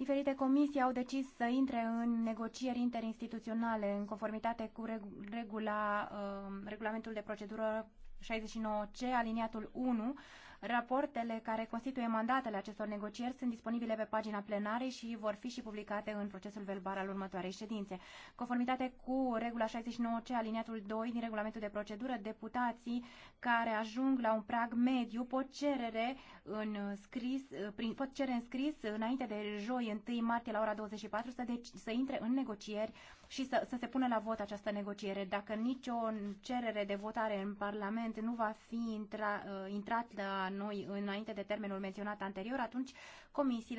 Diferite comisii au decis să intre în negocieri interinstituționale în conformitate cu regula, um, regulamentul de procedură 69C, aliniatul 1. Rapoartele care constituie mandatele acestor negocieri sunt disponibile pe pagina plenarei și vor fi și publicate în procesul verbal al următoarei ședințe. Conformitate cu regula 69C, aliniatul 2 din regulamentul de procedură, deputații care ajung la un prag mediu pot cerere în scris, prin, pot cere în scris înainte de joi 1 martie la ora 24 să, deci, să intre în negocieri și să, să se pună la vot această negociere. Dacă nicio cerere de votare în Parlament pacient nu va fi intra, uh, intrat la noi înainte de termenul menționat anterior, atunci comisiile